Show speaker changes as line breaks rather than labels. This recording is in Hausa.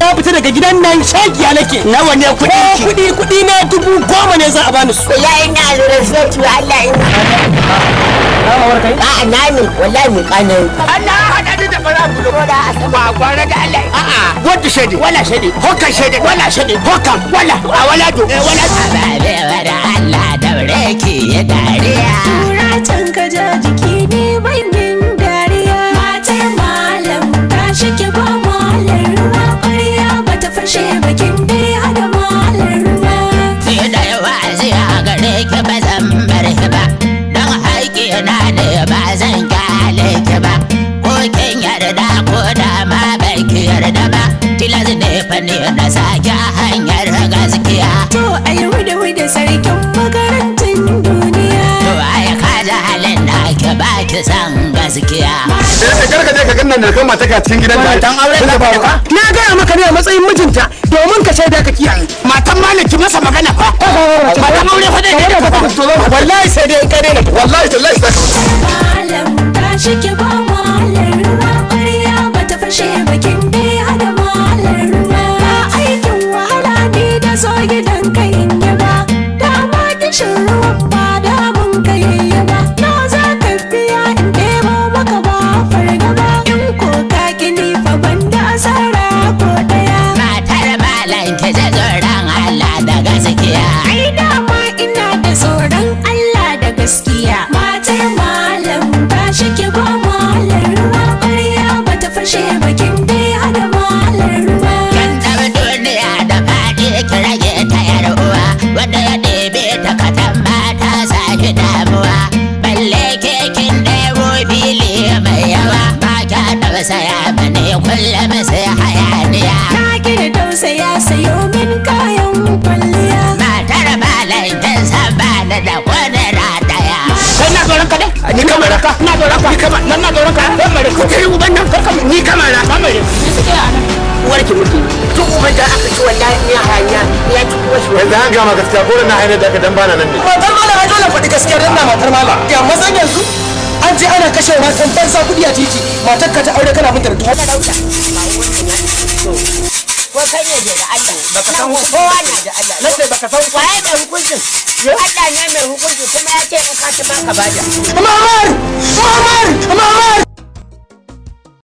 ya fita daga gidan nan shagiya nake nawa ne kuɗin ki kuɗi kuɗi na dubu goma ne za a bani su wallahi ina lura zuwa ci Allah ina a'a na
ne wallahi mu kana Allah hada ni da fara gudu ko da asaba gwara da Allah a'a wanda
shede wala shede hokan shede wala shede hokan wala a wala do eh,
wala ki ba zan bar ki ba don haƙi na ne ba zan kyale ki ba ko kin yarda ko da ma ban ki yarda ba tilas ne fa ne na sake hanyar gaskiya to ai wuda wuda sarkin makarantar duniya to ai ka da halin da ki ba ki san
gaskiya sai eh, ka karka ka ganna da kuma cikin gidan da dan aure da ba na gaya maka ne a matsayin mijinta domin ka shaida ka kiyaye matan maliki masa
san ki tsoron Allah da gaskiya. Ai dama ina da tsoron Allah da gaskiya. Matar malam ba shi ki ba malar ruwa ƙwarya ba ta fashe bakin dai hada malar ruwa. Kan taɓa duniya da faɗi ki rage ta yar uwa wanda ya ɗebe ta ba ta sake damuwa. Balle kekin ɗaya fili mai yawa ba ka taɓa saya bane kullum sai hayaniya.
ni kamar ka na doron ka kamar nan na doron ka dan mare ko kai uban nan kar ni kamar na kamar ni suke a nan uwar ki muke to uban da aka ci wallahi ni hanya ya ci kuwa shi wanda an gama gaskiya ko na hanya da aka dan bana nan ne matar mala ai dole faɗi gaskiya dan na matar mala ya mazan yanzu an je ana kashe matan banza kudi a titi matar ka ta aure kana mun da rutuwa baka san kowa da Allah baka san waye mai hukuncin Allah ne mai hukunci kuma ya ce in ka ci ba ka bada